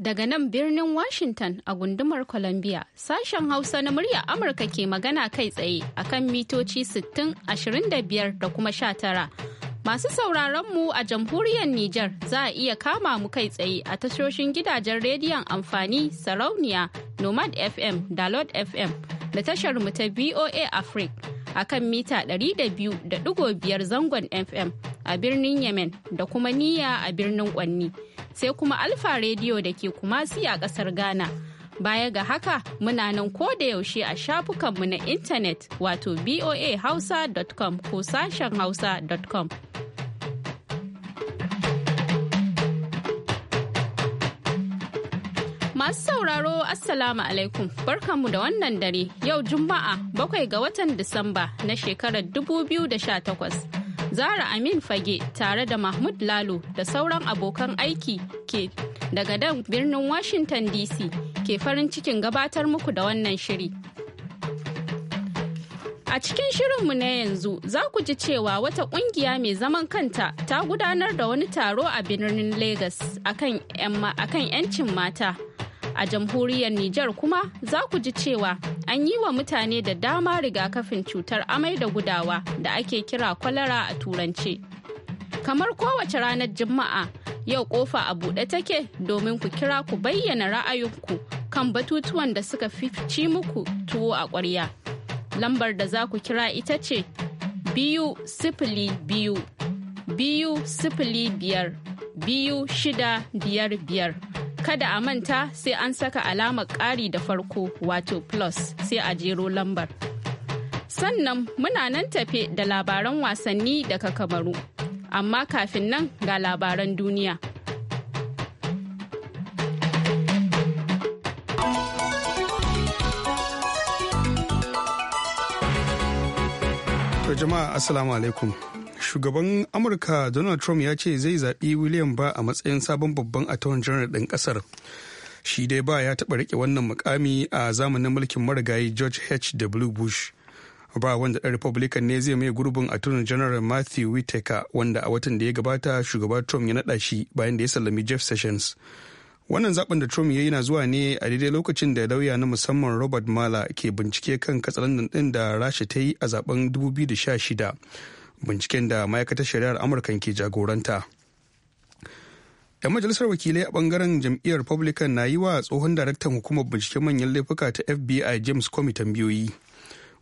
daga nan birnin Washington a gundumar Columbia. Sashen Hausa na murya Amurka ke magana kai tsaye akan mitoci 60, 25 da kuma 19. Masu sauraronmu a jamhuriyar Nijar za a iya kama mu kai tsaye a tashoshin gidajen rediyon amfani sarauniya Nomad FM da Lord FM da tashar mu ta VOA Africa. a kan mita 200.5 zangon FM a birnin Yemen da kuma niyya a birnin Kwanni. sai kuma Alfa rediyo da ke Kumasi a kasar Ghana. Baya ga haka muna nan ko da yaushe a shafukanmu na intanet wato voahausa.com ko sashen hausa.com. Masu sauraro Assalamu alaikum barkanmu da wannan dare yau Juma'a bakwai ga watan Disamba na shekarar 2018. Zara Amin Fage tare da Mahmud Lalo da sauran abokan aiki ke daga dan birnin Washington DC ke farin cikin gabatar muku da wannan shiri. A cikin shirinmu na yanzu za ku ji cewa wata ƙungiya mai zaman kanta ta gudanar da wani taro a birnin Legas akan 'yancin mata. A jamhuriyar Nijar kuma za ku ji cewa an yi wa mutane da dama rigakafin cutar amai da gudawa da ake kira kwalara a turance. Kamar kowace ranar Juma'a yau kofa a buɗe take domin ku kira ku bayyana ra'ayinku kan batutuwan da suka fi ci muku tuwo a ƙwarya. Lambar da za ku kira ita ce biyu sifili biyu biyu sifili biyar biyu shida biyar biyar. Kada a manta sai an saka alamar ƙari da farko wato plus sai a jero lambar. Sannan muna nan tafe da labaran wasanni daga kamaru. Amma kafin nan ga labaran duniya. To jama'a assalamu alaikum. shugaban amurka donald trump ya ce zai zaɓi william ba a matsayin sabon babban attorney general ɗin ƙasar shi dai ba ya taɓa rike wannan mukami a zamanin mulkin marigayi george h w bush ba wanda ɗan republican ne zai mai gurbin attorney general matthew whitaker wanda a watan da ya gabata shugaba trump ya naɗa shi bayan da ya sallami jeff sessions wannan zaben da trump ya yi na zuwa ne a daidai lokacin da lauya na musamman robert mala ke bincike kan katsalandan ɗin da rasha ta yi a zaben 2016 binciken da ma'aikatar shari'ar amurka ke jagoranta 'yan majalisar wakilai a bangaren jam'iyyar republican na yi wa tsohon daraktan hukumar binciken manyan laifuka ta fbi james comey tambayoyi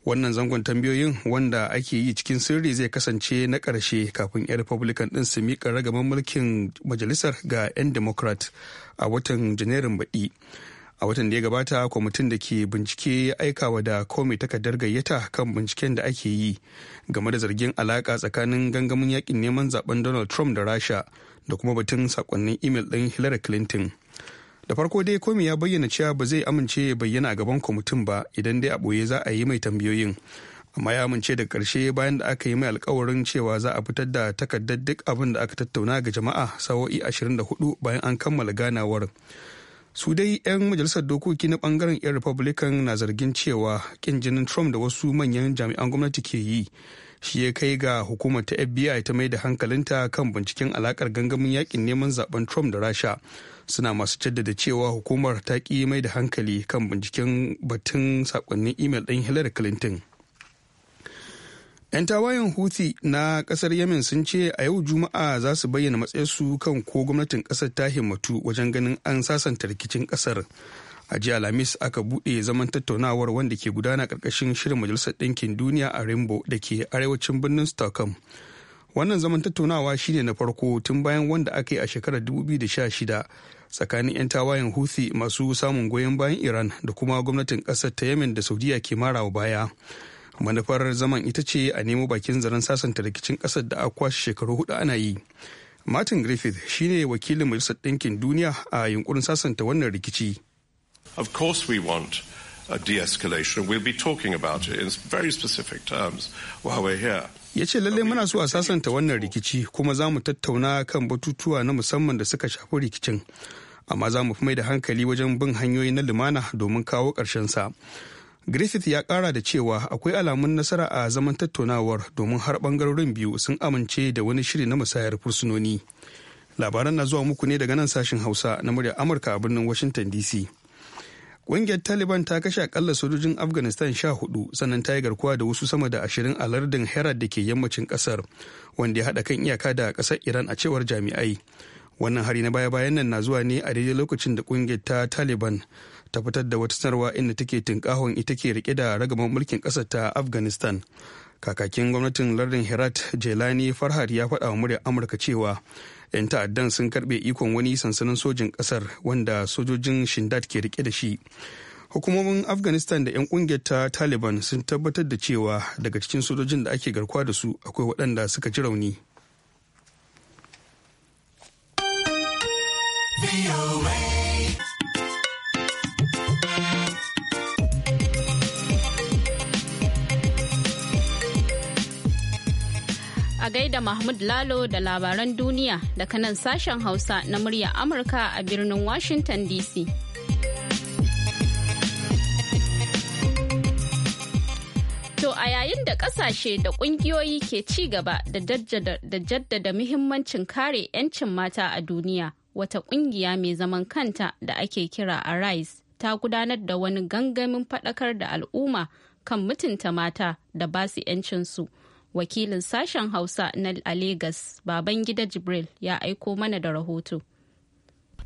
wannan zangon tambayoyin wanda ake yi cikin sirri zai kasance na karshe kafin 'yan republican din su miƙa ragaman mulkin majalisar ga 'yan democrat a watan janairun baɗi a watan da ya gabata kwamitin da ke bincike ya aikawa da komi takardar gayyata kan binciken da ake yi game da zargin alaka tsakanin gangamin yakin neman zaben donald trump da rasha da kuma batun sakonnin imel din hillary clinton da farko dai komi ya bayyana cewa ba zai amince ya bayyana gaban kwamitin ba idan dai a boye za a yi mai tambayoyin amma ya amince da karshe bayan da aka yi mai alkawarin cewa za a fitar da takardar duk abin da aka tattauna ga jama'a sa'o'i 24 bayan an kammala ganawar su dai 'yan majalisar dokoki na bangaren 'yan republican na zargin cewa kin jinin trump da wasu manyan jami'an gwamnati ke yi shi ya kai ga hukumar ta fbi ta mai da hankalinta kan binciken alakar gangamin yakin neman zaben trump da rasha suna masu jaddada cewa hukumar ta ki mai da hankali kan binciken batun sakonnin imel ɗin hillary clinton 'Yan tawayen Houthi na kasar Yemen sun ce a yau Juma'a za su bayyana matsayarsu kan ko gwamnatin kasar ta himmatu wajen ganin an sasanta rikicin kasar. A jiya Alhamis aka buɗe zaman tattaunawar wanda ke gudana ƙarƙashin shirin Majalisar Ɗinkin Duniya a Rainbow da ke arewacin birnin Stockholm. Wannan zaman tattaunawa shine na farko tun bayan wanda aka yi a shekarar 2016 tsakanin 'yan tawayen Houthi masu samun goyon bayan Iran da kuma gwamnatin ƙasar ta Yemen da Saudiya ke marawa baya. manufar zaman ita ce a nemo bakin zaren sasanta rikicin kasar da aka kwashe shekaru hudu ana yi martin griffith shine wakilin majalisar ɗinkin duniya a yunkurin sasanta wannan rikici of course we want a de-escalation. We'll be talking about it in very specific terms while we're here. ya ce lallai muna so a sasanta wannan rikici kuma za mu tattauna kan batutuwa na musamman da suka shafi rikicin amma za mu fi mai da hankali wajen bin hanyoyi na lumana domin kawo sa griffith ya kara da cewa akwai alamun nasara a zaman tattaunawar domin har bangarorin biyu sun amince da wani shiri na musayar fursunoni labaran na zuwa muku ne daga nan sashen hausa na murya amurka a birnin washington dc ƙungiyar taliban ta kashe akalla sojojin afghanistan sha hudu sannan ta yi garkuwa da wasu sama da ashirin a lardin herat da ke yammacin kasar wanda ya haɗa kan iyaka da kasar iran a cewar jami'ai wannan hari na baya-bayan nan na zuwa ne a daidai lokacin da ƙungiyar ta taliban ta fitar da wata sanarwa inda take tinkahon ita ke rike da ragaman mulkin ƙasar ta afghanistan kakakin gwamnatin lardin herat jelani farhad ya faɗa wa muryar amurka cewa 'yan ta'addan sun karɓe ikon wani sansanin sojin ƙasar wanda sojojin shindad ke rike da shi hukumomin afghanistan da 'yan kungiyar ta taliban sun tabbatar da cewa daga cikin sojojin da ake garkuwa da su akwai waɗanda suka ji rauni a gaida Mahmud Lalo da labaran duniya daga nan sashen Hausa na murya Amurka a birnin Washington DC. To a yayin da kasashe da kungiyoyi ke ci gaba da jaddada muhimmancin kare 'yancin mata a duniya, wata kungiya mai zaman kanta da ake kira a Arise ta gudanar da wani gangamin faɗakar da al'umma kan mutunta mata da basu 'yancinsu. su. wakilin sashen hausa na a Legas gida jibril ya aiko mana da rahoto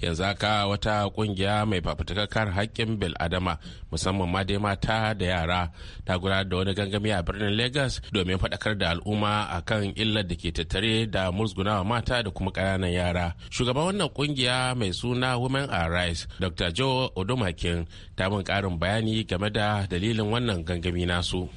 yanzu haka wata kungiya mai fafutukar haƙƙin bil adama musamman ma dai mata da yara ta gudanar da wani gangami a birnin lagos domin faɗakar da al'umma a kan illar da ke tattare da musgunawa mata da kuma ƙananan yara shugaban wannan kungiya mai suna women are dr joe odomakin ta min ƙarin bayani game da dalilin wannan gangami nasu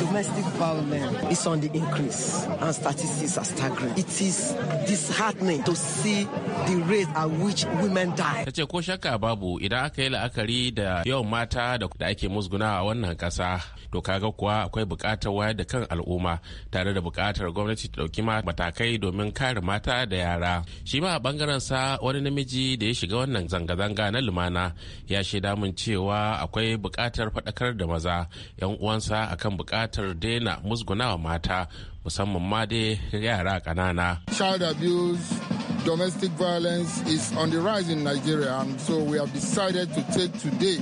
domestic violence is on the increase and statistics are staggering. It is disheartening to see the rate at which women die. Ta ce ko shakka babu idan aka yi la'akari da yawan mata da ake musguna a wannan kasa to kaga kuwa akwai bukatar wayar da kan al'umma tare da bukatar gwamnati ta dauki matakai domin kare mata da yara. Shi ma a bangaren sa wani namiji da ya shiga wannan zanga-zanga na lumana ya shaida mun cewa akwai bukatar faɗakar da maza 'yan uwansa akan bukatar daina musgunawa mata musamman ma dai yara ƙanana. Child abuse Domestic violence is on the rise in Nigeria, and so we have decided to take today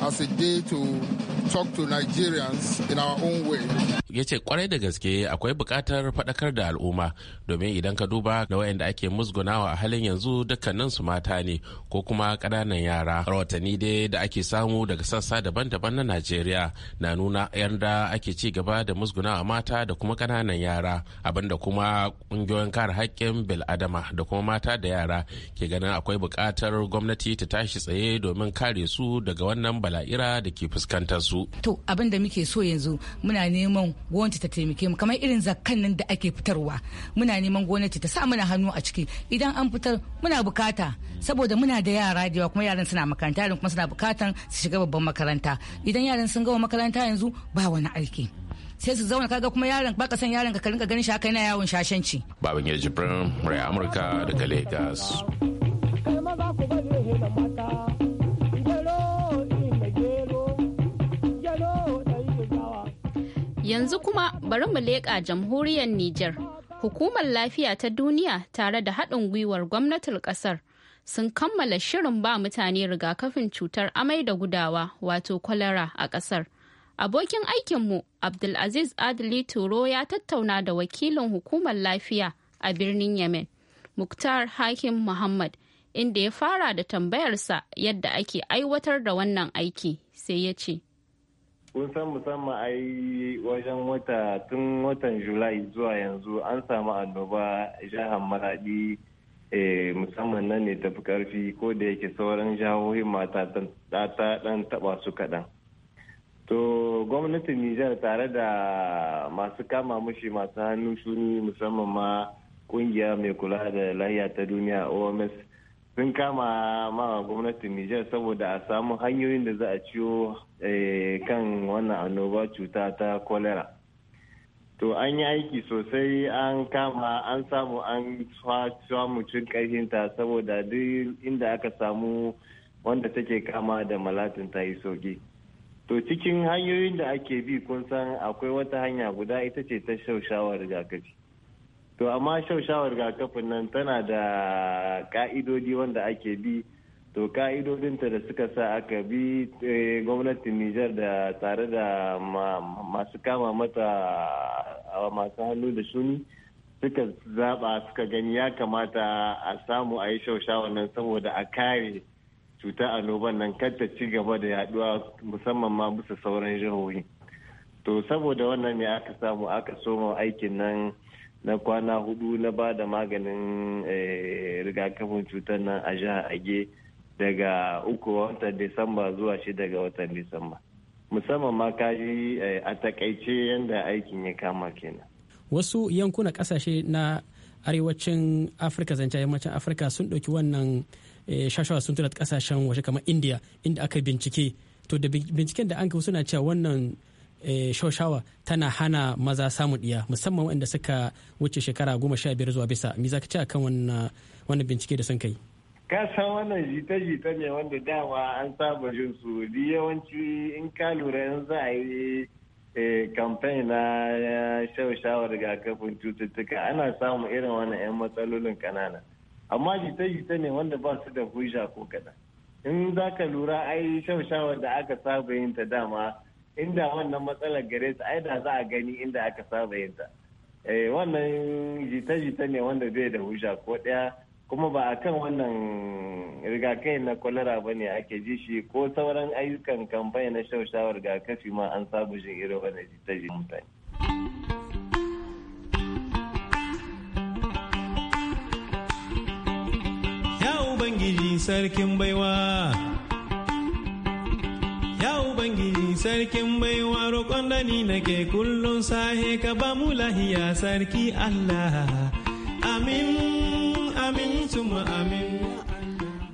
as a day to talk to Nigerians in our own way. ya ce kwarai da gaske akwai bukatar faɗakar da al'umma domin idan ka duba da wayanda ake musgunawa a halin yanzu dukkanin su mata ne ko kuma ƙananan yara rawatanni dai da ake samu daga sassa daban-daban na najeriya na nuna yanda ake ci gaba da musgunawa mata da kuma ƙananan yara abinda kuma ƙungiyoyin kare haƙƙin bil'adama da kuma mata da yara ke ganin akwai buƙatar gwamnati ta tashi tsaye domin kare su daga wannan bala'ira da ke fuskantar su to abin da muke so yanzu muna neman gwamnati ta taimake mu kamar irin zakan nan da ake fitarwa muna neman gwamnati ta sa mana hannu a ciki idan an fitar muna bukata saboda muna da yara da yawa kuma yaran suna makaranta yaran kuma suna bukatan su shiga babban makaranta idan yaran sun gama makaranta yanzu ba wani aiki sai su zauna kaga kuma yaron baka san yaron ka rinka ganin shi haka yana yawon shashanci baban ya jibrin rai amurka daga lagos Yanzu kuma bari mu leƙa jamhuriyar Nijar. Hukumar lafiya ta duniya tare da haɗin gwiwar gwamnatin ƙasar sun kammala shirin ba mutane rigakafin cutar amai da gudawa wato kwalara a ƙasar. Abokin aikinmu Abdulaziz Adli Turo ya tattauna da wakilin hukumar lafiya a birnin Yemen, Muktar Hakim Muhammad, inda ya fara da tambayarsa yadda ake aiwatar da wannan aiki sai ya ce. kun san musamman a yi wajen wata tun watan julai zuwa yanzu an samu annoba jihar maradi eh, musamman nan ne tafi karfi ko da yake sauran jihohin mata ta dan taba su kaɗan to gwamnatin nijar tare da masu kama mushi masu hannu shuni musamman ma kungiya mai kula da lahiya ta duniya oms sun kama ma gwamnatin Nijar saboda a samu hanyoyin da za a ciyo eh, kan wannan annoba cuta ta cholera To an yi aiki sosai an kama an samu an samu cin ƙarfinta saboda duk inda aka samu wanda take kama da malatin ta yi sauki. To cikin hanyoyin da ake bi kun san akwai wata hanya guda ita ce ta shawarar rigakafi. to amma shaushawar rigakafin nan tana da ka'idodi wanda ake bi to ka'idodinta da suka sa aka bi eh, gwamnatin nijar da tare da masu kama mata masu hannu da shuni suka zaba suka gani ya kamata a samu a yi shaushawar nan saboda a kare cuta annoban nan ta ci gaba da yaduwa musamman ma bisa sauran jihohi to saboda wannan ne aka samu aka soma aikin nan na kwana hudu na ba da maganin eh, rigakafin cutar nan a jihar age daga uku watan disamba zuwa shida ga watan disamba musamman ma kaji eh, a takaice yadda aikin ya kama kenan wasu yankuna kasashe na arewacin afirka zance yammacin afirka sun ɗauki wannan eh, shashawa sun tura kasashen waje kamar india inda aka bincike to da binciken da an suna cewa wannan Eh, shoshawa tana hana maza samun ɗiya musamman waɗanda suka wuce shekara goma sha biyar zuwa bisa me za ka ci akan wannan bincike da sun kai ka san wannan jita-jita ne wanda dama an saba jin su yawanci in ka lura yanzu za a yi kamfani eh, na ga rigakafin cututtuka ana samun irin wannan 'yan matsalolin kanana amma jita-jita ne wanda ba su da hujja ko kaɗan in za ka lura ai shawar da aka saba yin ta dama inda wannan matsalar gare su ai da za a gani inda aka saba yin ta eh wannan jita-jita ne wanda bai da hujja ko daya kuma ba akan wannan rigakai na kwalara ba ne ake ji shi ko sauran ayyukan kamfani na shaushawar rigakafi ma an sabu jin irin wannan jita-jita mutane Ya Ubangiji sarkin baiwa, Ya Ubangiji sarkin baiwa roƙon da ni nake kullum sahe ka ba mu lahiya sarki Allah. Amin, amin, tuma amin.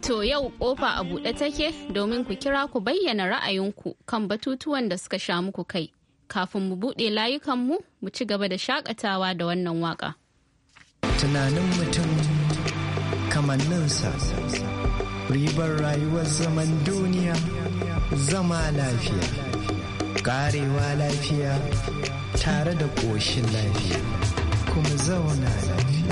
To yau ƙofa a buɗe take domin ku kira ku bayyana ra'ayinku kan batutuwan da suka sha muku kai. Kafin mu buɗe layukanmu mu ci gaba da shakatawa da wannan waka. Tunanin mutum kamanninsa ribar rayuwar zaman duniya. zama lafiya karewa lafiya tare da ƙoshin lafiya kuma zauna lafiya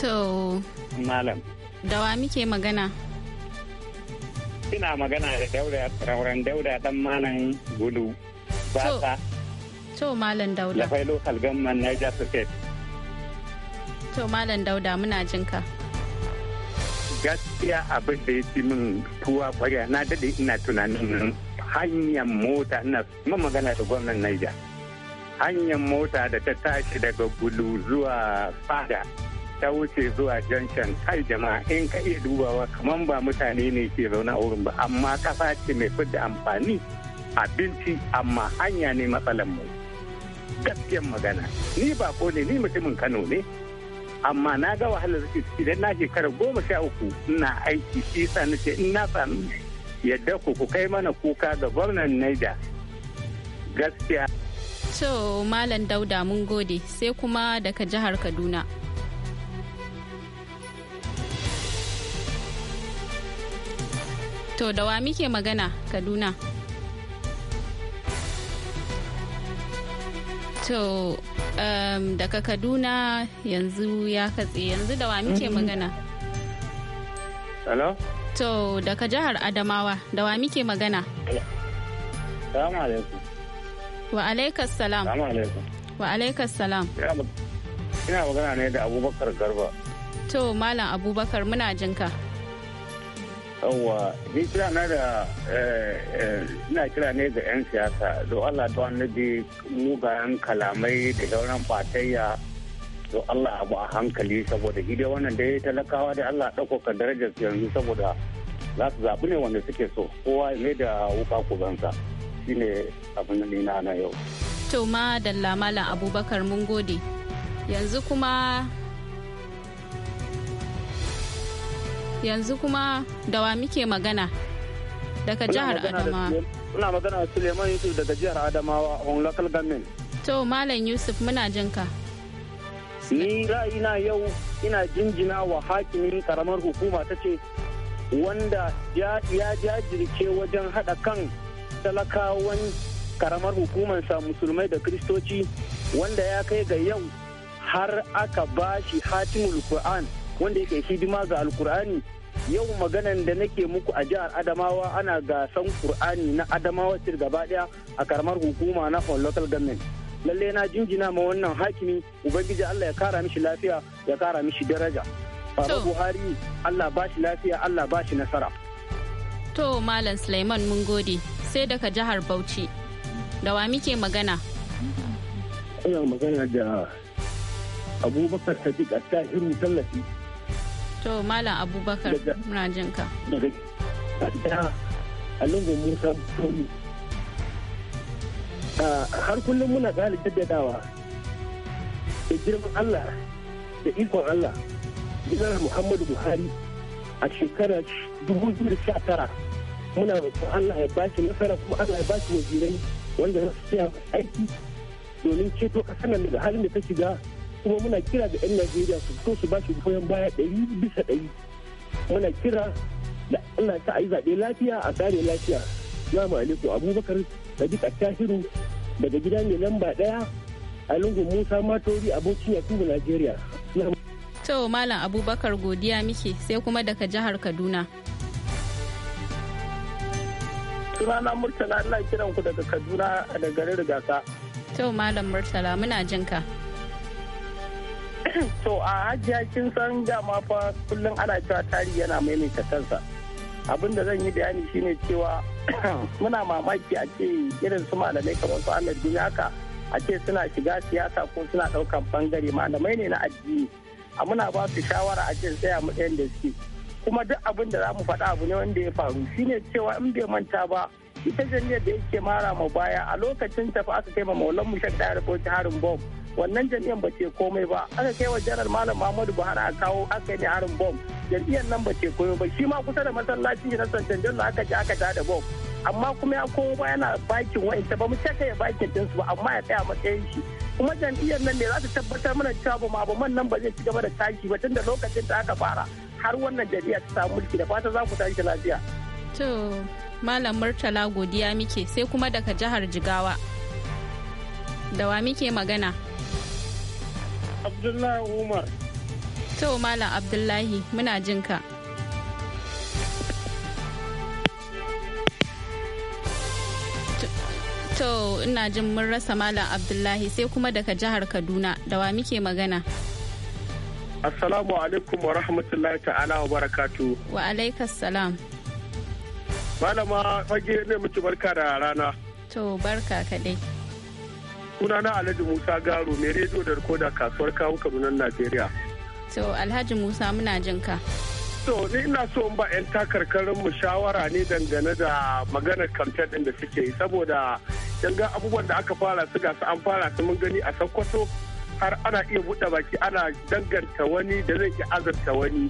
To. Malam. Da wa muke magana? Ina magana da dauda rauren dauda dan malam gudu. Bata. To malam dauda. Lafai local gamman Niger State. To malam dauda muna jinka. Gaskiya abin da ya ci min tuwa kwarya na dade ina tunanin hanyar mota ina ma magana da gwamnan Niger. Hanyar mota da ta tashi daga gulu zuwa fada ta wuce zuwa junction kai jama'a in ka iya dubawa kamar ba mutane ne ke zaune a wurin ba amma kasa ce mai fidda amfani abinci amma hanya ne matsalan mu gaskiyan magana ni ba ne ni mutumin kano ne amma na ga wahalar suke ciki idan na shekara goma sha uku ina aiki shi sa nace in na samu yadda ku ku kai mana kuka ga gwamnan naija gaskiya to malam dauda mun gode sai kuma daga jihar kaduna To da wa muke magana Kaduna? To um, daga Kaduna yanzu ya katse yanzu da wa muke mm-hmm. magana? Hello? To daga jihar Adamawa da wa muke magana? Wa alaikas salam. Wa alaikas salam. Ina magana ne da Abubakar Garba. To Malam Abubakar muna jinka. ka. yawwa ni kira na da eh, eh, ina kira ne ga 'yan siyasa do Allah da annabi mugayen kalamai da sauran fatayya do Allah abu a hankali saboda ide wannan da ya talakawa da Allah ɗaukaka darajar yanzu saboda za su zaɓi ne wanda suke so kowa ne da wuka kubansa shine abin da na yau. To ma da Malam Abubakar mun gode yanzu kuma yanzu kuma da wa muke magana daga jihar adamawa muna magana da suleiman yusuf daga jihar adamawa on local government to malam yusuf muna jinka. ka ni ra'ayina yau ina jinjina wa hakimin karamar hukuma ta ce wanda ya jajirce wajen hada kan talakawan karamar hukumarsa musulmai da kristoci wanda ya kai ga yau har aka bashi hatimul qur'an wanda yake hidima ga alkur'ani yau maganan da nake muku a jihar adamawa ana gasan kur'ani na adamawa sir gaba daya a karamar hukuma na on local government lalle na jinjina ma wannan hakimi ubangiji allah ya kara mishi lafiya ya kara mishi daraja baba buhari allah ba shi lafiya allah ba shi nasara to malam suleiman mun gode sai daga jihar bauchi da wa muke magana ina magana da abubakar sadiq attahiru tallafi to malam abubakar muna jin ka musa tomi har kullum muna ƙara jaddadawa da girman allah da ikon allah jiran muhammadu buhari a shekarar 2019 muna roƙon allah ya ba shi nasara kuma allah ya ba shi wajirai wanda za su aiki domin ceto ƙasar nan daga halin da ta shiga kuma muna kira da 'yan najeriya su fito su ba shi goyon baya ɗari bisa ɗari muna kira da allah ta a yi zaɓe lafiya a tsare lafiya salamu aliku abubakar sadiq tahiru daga gida ne lamba ɗaya a lungun musa matori abokin yakubu najeriya to malam abubakar godiya muke sai kuma daga jihar kaduna sunana murtala ina kiran ku daga kaduna da garin rigasa to malam murtala muna jinka ka to a hajiya kin san dama fa kullum ana cewa tari yana maimaita kansa abin da zan yi bayani shine cewa muna mamaki a ce irin su malamai kamar su Ahmed Bin haka a ce suna shiga siyasa ko suna daukan bangare malamai ne na addini a muna ba su shawara a ce tsaya mu ɗayan da suke kuma duk abin da za mu faɗa abu ne wanda ya faru shine cewa in bai manta ba ita jami'ar da yake mara mu baya a lokacin tafi aka kai ma maulan mu shek ta harin bom wannan jami'an ba ce komai ba aka kai wa janar malam muhammadu buhari a kawo aka ne harin bom jam'iyyar nan ba ce komai ba shi ma kusa da masallaci na canjan na aka ji aka ta da bom amma kuma ya komo ba yana bakin wa'inta ba mu cika ya bakin su ba amma ya tsaya matsayin shi kuma jam'iyyar nan ne za ta tabbatar mana cewa ba ma ba man nan ba zai ci gaba da tashi ba tunda lokacin da aka fara har wannan jam'iyya ta samu mulki da fata za ku tashi lafiya. To Malam Murtala godiya muke sai kuma daga jihar Jigawa. Da wa muke magana? Abdullahi Umar. To Malam Abdullahi muna jin ka. To ina jin mun rasa Malam Abdullahi sai kuma daga jihar Kaduna da wa muke magana. Assalamu alaikum wa rahmatullahi ta'ala wa barakatu. Wa alaikas salam. Malama fage ne mutu barka da rana. To barka kadai. sunana alhaji musa garo mai rediyo da rikoda kasuwar kawo kadunan najeriya to alhaji musa muna jin ka so ni ina so in ba 'yan takarkarin mu shawara ne dangane da maganar kamfen din da suke yi saboda ga abubuwan da aka fara su ga su an fara su mun gani a sakkwato har ana iya buɗe baki ana danganta wani da zai iya azarta wani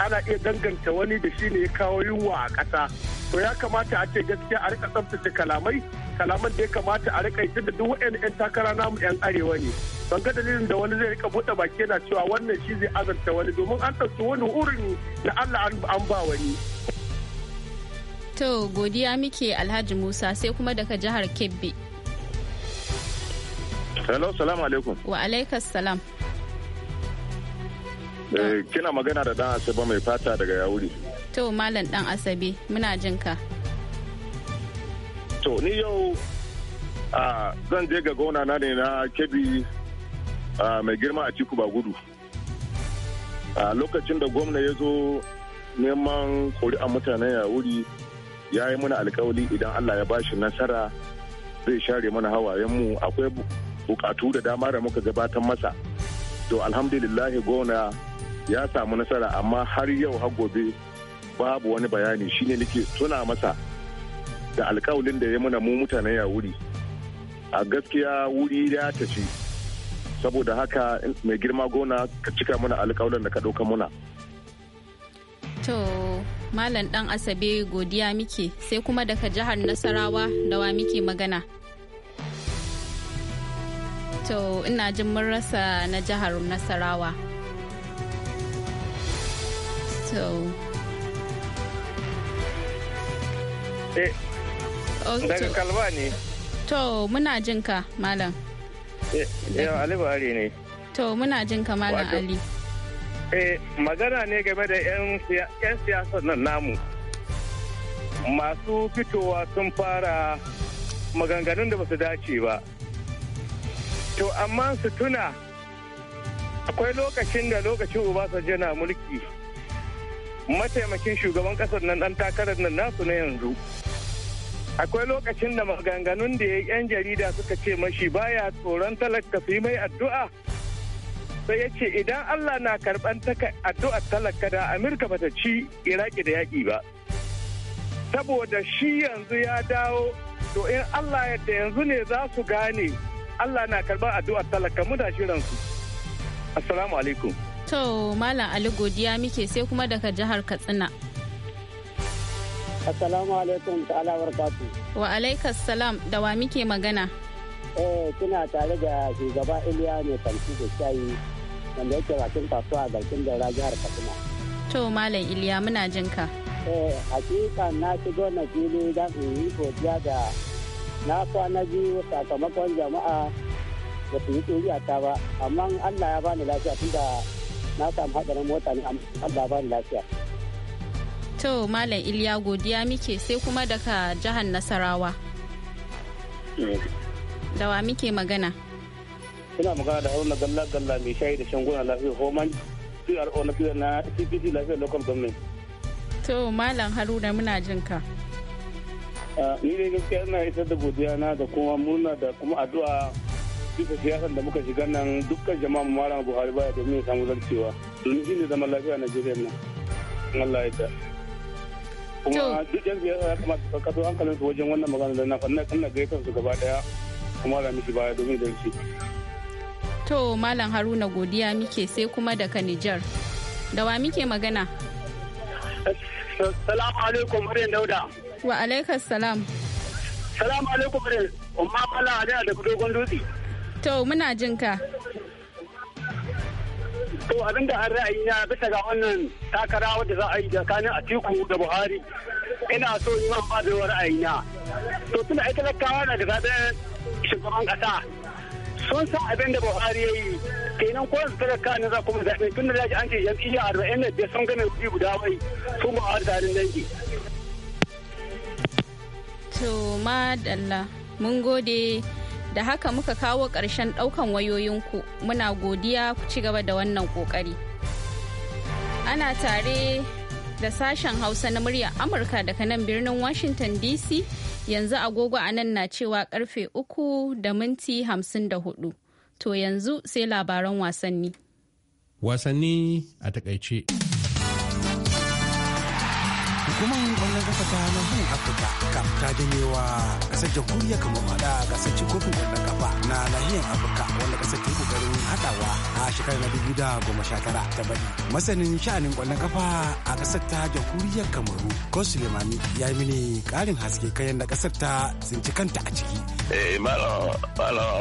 ana iya danganta wani da shi ne ya kawo yunwa a ƙasa to ya kamata a ce gaskiya a rika tsabtace kalamai kalaman da ya kamata a rika da duk wa'yan 'yan takara namu 'yan arewa ne ban ga dalilin da wani zai rika buɗe baki yana cewa wannan shi zai azanta wani domin an ɗauki wani hurin da Allah an ba wani. To godiya muke Alhaji Musa sai kuma daga jihar Kebbi. Hello, salamu alaikum. Wa alaikas salam. Eh, kina magana da dan Asaba mai fata daga yahudi. To Malam dan Asabe muna jin ka. To ni yau zan je ga gona na ne na kebi mai girma a ciku ba gudu. Lokacin da gwamna ya zo neman kuri'an mutanen ya wuri ya yi mana alkawali idan Allah ya bashi nasara zai share mana mu akwai bukatu da dama da muka gabatar masa. To alhamdulillahi gona ya samu nasara amma har yau har gobe babu wani bayani shine nake tuna masa da alkawalin da ya muna mu mutanen ya wuri a gaskiya wuri ya tafi saboda haka mai girma gona ka cika mana alkawalin da ka ɗauka muna to malam dan asabe godiya muke sai kuma daga jihar nasarawa da wa muke magana to ina jin mun rasa na jihar nasarawa so Eh, oh, daga kalba ne. To muna jin ka malam. Yau eh, eh, Ali Buhari ne. To muna jin ka malam Ali. Eh magana ne game da 'yan siyasar nan namu. Masu fitowa sun fara maganganun da ba su dace ba. To amma su tuna akwai lokacin da lokacin Obasanjo na mulki mataimakin shugaban kasar nan dan takarar nan nasu na yanzu. akwai lokacin da maganganun da ya yan jarida suka ce mashi baya tsoron talaka mai addu'a sai ya ce idan allah na karban addu'ar talaka da amurka bata ci iraki da yaƙi ba saboda shi yanzu ya dawo to in allah yadda yanzu ne za su gane allah na karban addu'ar talaka mu da shiransu assalamu alaikum to malam ali godiya muke sai kuma daga jihar katsina Assalamu alaikum alawar barkatu. Wa alaikas salam da wa muke magana? Eh kina tare da shugaba Iliya ne kanti da shayi wanda yake bakin kasuwa a garkin daura jihar Katsina. To Malam Iliya muna jin ka. Eh hakika na shigo na fili don in yi godiya da na kwana biyu sakamakon jama'a ba su yi tsoriya ta ba amma Allah ya bani lafiya tunda na samu hadarin mota ne Allah ya bani lafiya. To Malam Iliya godiya muke sai kuma daga jihar Nasarawa. Da wa muke magana. Ina magana da Haruna Galla Galla mai shayi da shanguna lafiya Homan CRO na fiye na CPC lafiya local government. To Malam Haruna muna jin ka. Ni dai gaskiya ina isar da godiya na da kuma murna da kuma addu'a bisa siyasar da muka shiga nan dukkan jama'a Malam Buhari baya domin ya samu zarcewa. Domin shi ne zaman lafiya Najeriya nan. Allah ya kuma duk yan biyar ya kamata su kaso hankalin su wajen wannan magana da na fannin kan gaitan su gaba daya kuma da miki baya domin da shi to malam haruna godiya muke sai kuma daga nijar da wa muke magana salamu alaikum maryam dauda wa alaikas salam salamu alaikum maryam umma bala da dogon dutse to muna jinka To abin da an na bisa ga wannan takara wadda za a yi tsakanin Atiku da Buhari ina so yi man ba da na To tuna ai talakawa na da zaɓen shugaban kasa sun sa abin da Buhari ya yi kenan ko su talaka ne za kuma zaɓe tun da daji an ce jam'iyya arba'in da biyar sun gane wuri guda bai su Buhari tarin dangi. To madalla mun gode da haka muka kawo ƙarshen ɗaukan wayoyinku muna godiya ku ci gaba da wannan ƙoƙari ana tare da sashen hausa na muryar amurka daga nan birnin washington dc yanzu agogo a nan na cewa karfe uku da minti hamsin da to yanzu sai labaran wasanni wasanni a takaice kafa ta nahiyar afirka kam ta janyewa kasar jamhuriyar kamar hada kasar cin kofin kafa na nahiyar afirka wanda kasar ta kokarin hadawa a shekarar na dubu da goma sha tara ta bari masanin sha'anin kwallon kafa a kasar ta jamhuriyar kamaru ko sulemani ya yi mini karin haske kayan yadda kasar ta tsinci kanta a ciki. eh malam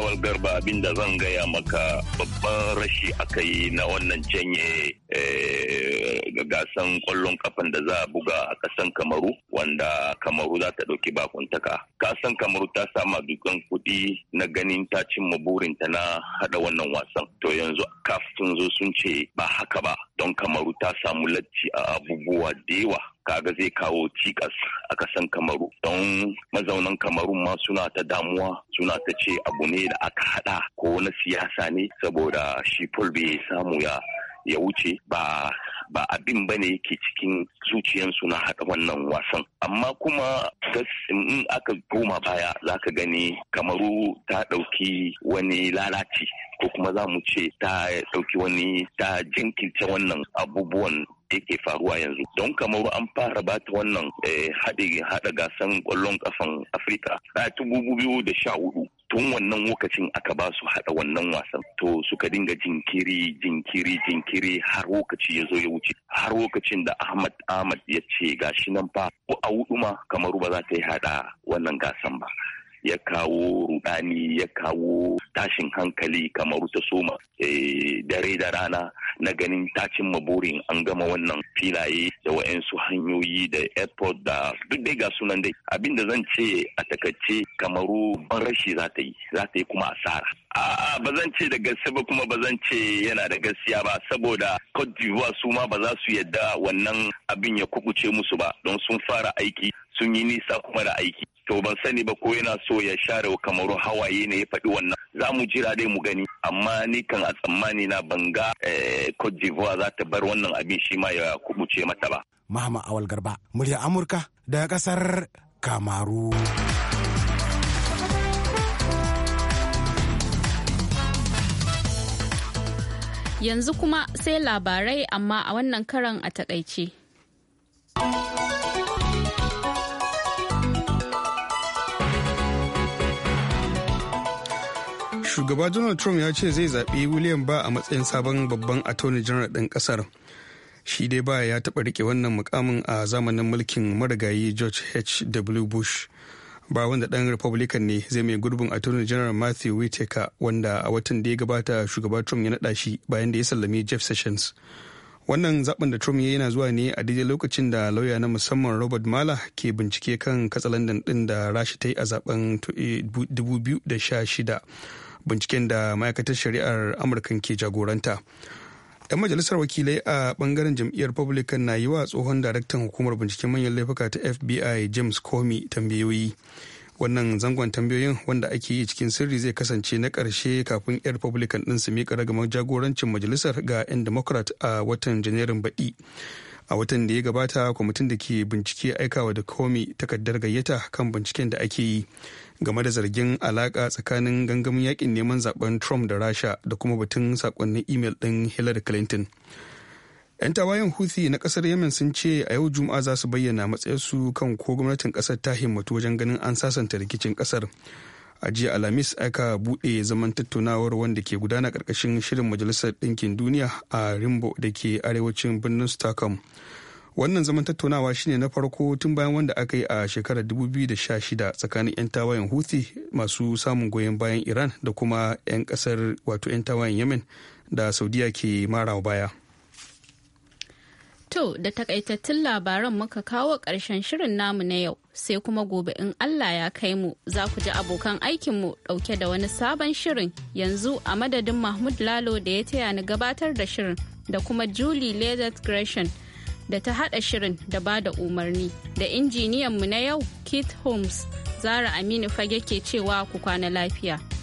awal garba abin da zan gaya maka babban rashi aka yi na wannan janye eh, gasan kwallon kafan da za a buga a kasan kamaru wanda kamaru za ta ɗauki bakuntaka ka san kamaru ta sama dukan kuɗi na ganin ta cimma ta na haɗa wannan wasan to yanzu kafin sun zo sun ce ba haka ba don kamaru ta samu latti a abubuwa da yawa kaga zai kawo cikas a kasan kamaru don mazaunan kamarun ma suna ta damuwa suna ta ce abu ne da aka haɗa, ko na siyasa ne saboda shi bai samu ya wuce ba ba abin ba ne yake cikin zuciyansu na haɗa wannan wasan amma kuma in aka goma baya za ka gani kamaru ta ɗauki wani lalaci ko kuma za mu ce ta ɗauki wani ta jinkirce wannan abubuwan yake faruwa yanzu don kamaru an fara ba ta wannan eh, haɗa gasan ƙwallon ƙafan afirka ta dubu da sha hudu tun wannan lokacin aka ba su haɗa wannan wasan to suka dinga jinkiri jinkiri jinkiri har lokaci ya zo ya wuce har lokacin da ahmad ahmad ya ce gashi nan fa ko a huduma ma kamaru ba za ta yi haɗa wannan gasan ba ya kawo rudani ya kawo tashin hankali kamaru ta soma eh, dare da rana na ganin ta cimma burin an gama wannan filaye da wa'yansu hanyoyi da airport da duk dai ga sunan dai abin da zan ce a takaice kamaru ban rashi za ta yi za ta yi kuma asara a'a ba zan ce da gaske ba kuma ba zan ce yana da gaskiya ba saboda Cote d'Ivoire su ma ba za su yadda wannan abin ya kubuce musu ba don sun fara aiki sun yi nisa kuma da aiki to ban sani ba ko yana so ya share kamaru hawaye ne ya faɗi wannan za mu jira dai mu gani amma ni kan a tsammani na banga eh, cote d'ivoire za ta bar wannan abin shi ma ya kubuce mata ba mahama awal garba murya amurka daga kasar kamaru yanzu kuma sai labarai amma a wannan karan a takaice shugaba donald trump ya ce zai zaɓi william ba a matsayin sabon babban attorney general ɗin ƙasar shi dai ba ya taɓa rike wannan mukamin a zamanin mulkin marigayi george h w bush ba wanda ɗan republican ne zai mai gurbin attorney general matthew whitaker wanda a watan da ya gabata shugaba trump ya naɗa shi bayan da ya sallami jeff sessions wannan zaɓen da trump ya yana zuwa ne a daidai lokacin da lauya na musamman robert mala ke bincike kan katsalandan ɗin da rashi ta yi a zaben 2016 binciken da ma'aikatar shari'ar amurka ke jagoranta yan majalisar wakilai a bangaren jam'iyyar republican na yi wa tsohon daraktan hukumar binciken manyan laifuka ta fbi james comey tambayoyi wannan zangon tambayoyin wanda ake yi cikin sirri zai kasance na karshe kafin 'yan republican ɗin su miƙa ragamar jagorancin majalisar ga 'yan democrat a watan janairun baɗi a watan da ya gabata kwamitin da ke bincike aikawa da komi takardar gayyata kan binciken da ake yi game da zargin alaka tsakanin gangamin yakin neman zaben trump da rasha da kuma batun sakonnin imel ɗin hillary clinton 'yan tawayen houthi na kasar yemen sun ce a yau juma'a za su bayyana matsayarsu kan ko gwamnatin kasar ta himmatu wajen ganin an sasanta rikicin kasar a jiya alhamis aka buɗe zaman tattaunawar wanda ke gudana karkashin shirin majalisar ɗinkin duniya a rimbo da ke arewacin birnin stockholm wannan zaman tattaunawa shine na farko tun bayan wanda aka yi a shekarar 2016 tsakanin 'yan tawayen houthi masu samun goyon bayan iran da kuma 'yan kasar wato 'yan tawayen yemen da saudiya ke mara baya To da takaitattun labaran muka kawo karshen shirin namu na yau sai kuma gobe in Allah ya kai mu za ku ji abokan aikinmu ɗauke da wani sabon shirin yanzu a madadin Mahmud Lalo da ya taya ni gabatar da shirin da kuma Julie Leathers Gresham. da ta haɗa shirin da ba da umarni da injiniyanmu na yau Keith Holmes, Zara Aminu Fage ke cewa ku kwana lafiya.